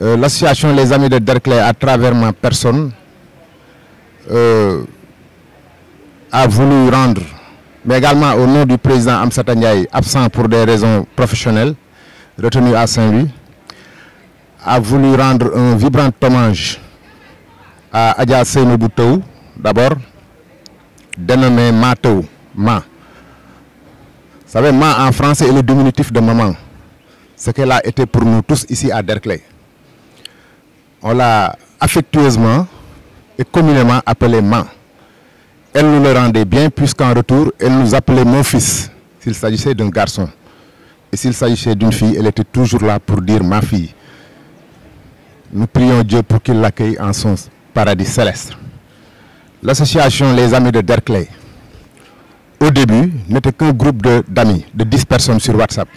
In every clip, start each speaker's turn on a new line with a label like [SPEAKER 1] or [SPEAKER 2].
[SPEAKER 1] Euh, L'association Les Amis de Derkley, à travers ma personne, euh, a voulu rendre, mais également au nom du président Amsata Ndiaye, absent pour des raisons professionnelles, retenu à Saint-Louis, a voulu rendre un vibrant hommage à Adja Seynoboutou, d'abord, dénommé Matou, Ma. Vous savez, Ma en français est le diminutif de maman. Ce qu'elle a été pour nous tous ici à Derkley. on l'a affectueusement et communément appelé Ma. Elle nous le rendait bien puisqu'en retour, elle nous appelait mon fils, s'il s'agissait d'un garçon. Et s'il s'agissait d'une fille, elle était toujours là pour dire ma fille. Nous prions Dieu pour qu'il l'accueille en son paradis céleste. L'association Les Amis de Derkley, au début, n'était qu'un groupe d'amis, de, de 10 personnes sur WhatsApp.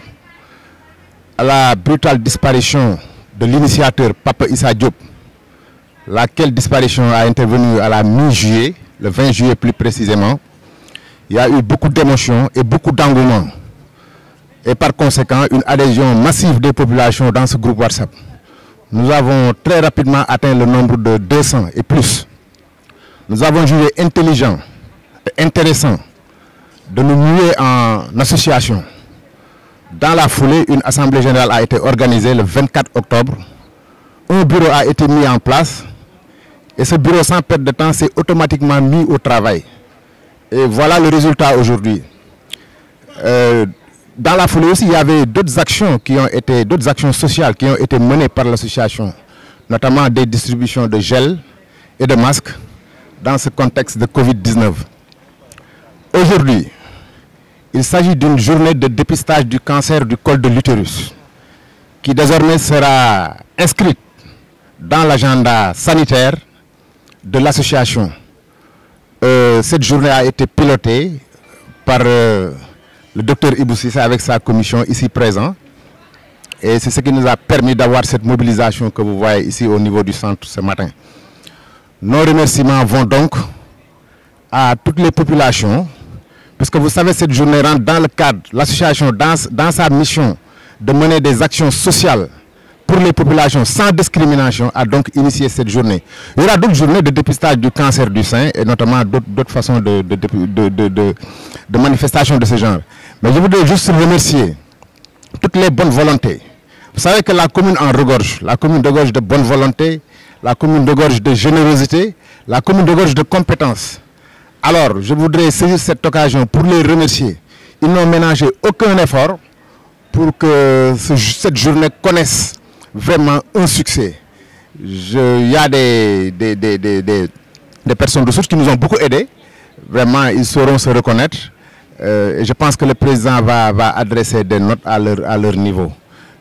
[SPEAKER 1] À la brutale disparition de l'initiateur Papa Issa Diop, laquelle disparition a intervenu à la mi-juillet, le 20 juillet plus précisément, il y a eu beaucoup d'émotions et beaucoup d'engouement. Et par conséquent, une adhésion massive des populations dans ce groupe WhatsApp. Nous avons très rapidement atteint le nombre de 200 et plus. Nous avons jugé intelligent intéressant de nous muer en association Dans la foulée, une assemblée générale a été le 24 octobre. Un bureau a été en place et ce bureau, sans de temps, s'est automatiquement mis au Et voilà le résultat aujourd'hui. Euh, dans la foulée aussi, il y avait d'autres actions qui ont été, d'autres actions sociales qui de gel et de masques dans ce de Covid-19. Aujourd'hui, Il s'agit d'une journée de dépistage du cancer du col de l'utérus qui désormais sera inscrite dans l'agenda sanitaire de l'association. Euh, cette journée a été pilotée par euh, le docteur Iboussissa avec sa commission ici présent. Et c'est ce qui nous a permis d'avoir cette mobilisation que vous voyez ici au niveau du centre ce matin. Nos remerciements vont donc à toutes les populations Parce que vous savez, cette journée rentre dans le cadre, l'association dans, dans sa mission de mener des actions sociales pour les populations sans discrimination a donc initié cette journée. Il y aura d'autres journées de dépistage du cancer du sein et notamment d'autres façons de, de, de, de, de de ce genre. Mais je voudrais juste remercier toutes les bonnes volontés. en regorge, la commune de gorge de bonne volonté, la commune de gorge de générosité, la commune de gorge de compétences. Alors, je voudrais saisir cette occasion pour les remercier. Ils n'ont ménagé aucun effort pour que ce, cette journée connaisse vraiment un succès. Il y a des, des, des, des, des personnes ressources qui nous ont beaucoup aidés. Vraiment, ils sauront se reconnaître. Euh, et je pense que le président va, va adresser des notes à leur, à leur niveau.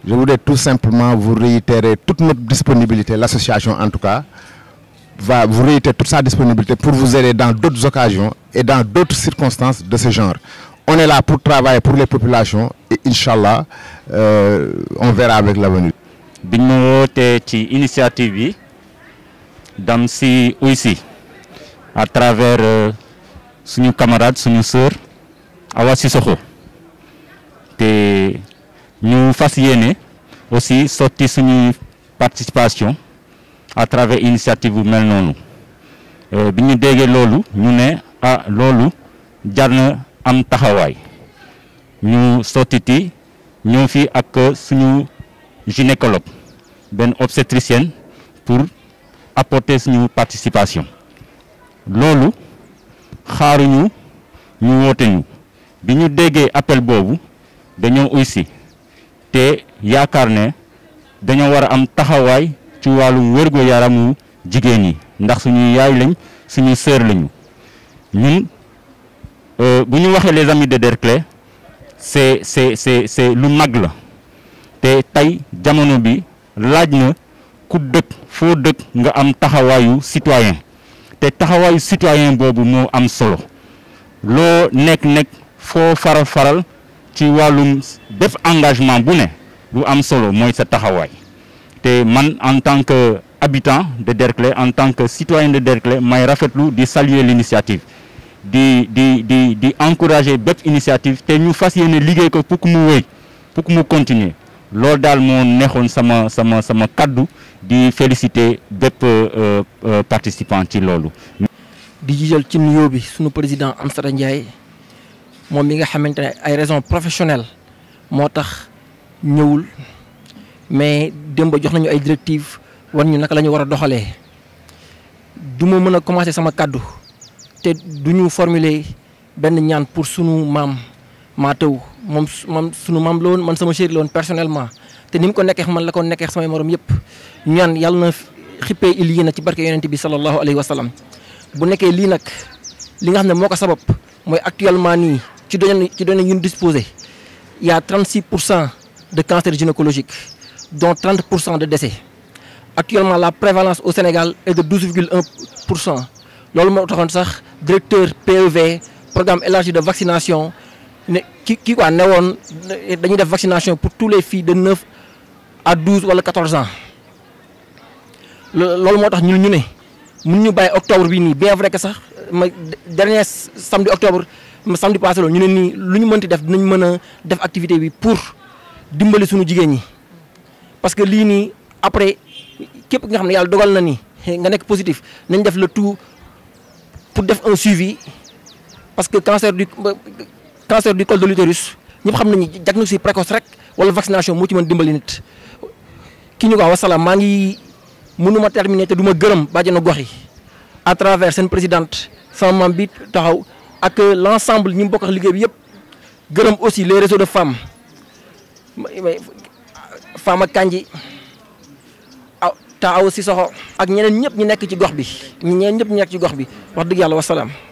[SPEAKER 1] Je voudrais tout simplement vous réitérer toute notre disponibilité, l'association en tout cas, va vous réitérer toute sa disponibilité pour vous aider dans d'autres occasions et dans d'autres circonstances de ce genre. On est là pour travailler pour les populations et Inch'Allah, euh,
[SPEAKER 2] on verra avec l'avenir. bi ñu wootee ci initiative bi dam si uy si à travers euh, suñu camarade suñu sœur Awa Sissoko te ñu fas yéene aussi sotti suñu participation à travers initiative bu mel noonu euh, bi ñu déggee loolu ñu ne ah loolu jar na am taxawaay ñu sottiti ñoo fi ak suñu gynécologue benn obstétricienne pour apporter suñu participation loolu xaaruñu ñu woote ñu bi ñu déggee appel boobu dañoo uysi te yaakaar ne dañoo war a am taxawaay ci wàllum wérgu yaramu jigéen ñi ndax suñuy yaay lañ suñu sœur lañu ñun euh, bu ñu waxee les amis de Derklé c'est c'est c'est lu mag la te tey jamono bi laaj na ku dëkk foo dëkk nga am taxawaayu citoyen te taxawaayu citoyen boobu moo am solo loo nekk-nekk foo faral faral ci wàllum def engagement bu ne lu am solo mooy sa taxawaay te man en tant que habitant de Derklé en tant que citoyen de Derklé may rafetlu di saluer l'initiative di di di di encourager bépp initiative te ñu fas yéene liggéey ko pour que mu wéy pour mu continuer loolu daal moo neexoon sama sama sama kaddu di féliciter bépp euh, euh, participant ci loolu.
[SPEAKER 3] di jiital ci nuyoo bi sunu président Amsata Ndiaye moom mi nga xamante ne ay raisons professionnelles moo tax ñëwul. mais démb jox nañu ay directives war ñu naka lañu ñu war a doxalee du ma mën a commencer sama kàddu te du ñu formuler benn ñaan pour sunu maam maa tëw moom moom sunu maam la man sama chéri la woon personnellement. te ni mu ko nekkee man la ko nekkee samay moroom yëpp ñu ñaan yàlla na xippee il yi na ci barke yonent bi sallallahu alayhi wa sallam bu nekkee lii nag li nga xam ne moo ko sabab mooy actuellement nii ci données ci données yu ñu disposé y a 36 pour cent de cancer gynécologique. donc pour cent de décès. Actuellement, la prévalence au Sénégal et de on pour loolu moo 12,1%. sax directeur PEV, programme élargi de vaccination, ne woon quoi, def vaccination pour tous les filles de 9 à 12 ou 14 ans. loolu moo tax ñun ñu ne mun ñu bàyyi octobre bii nii bien vrai que sax ma dernier samedi octobre samedi passé loolu ñu ne nii lu ñu mënti def dinañ mën a def activité bi pour dimbali suñu jigéen ñi. parce que lii nii après képp nga xam ne yàlla dogal na ni nga nekk positif nañ def le tout pour def un suivi parce que cancer du cancer du col de l'utérus ñëpp xam nañu si précoce rek wala vaccination moo ci mën dimbali nit. ki ñu ko wax wasalaam maa ngi mënuma terminer te du ma gërëm bàjjenu gox yi à travers seen présidente sama maam bi taxaw ak l' ensemble ñi mu bokk liggéey bi yëpp gërëm aussi les réseau de femmes. Fama Kanji aw Taaw soxo ak ñeneen ñëpp ñu nekk ci gox bi ñeneen ñëpp ñu nekk ci gox bi wax dëgg yàlla wasalaam.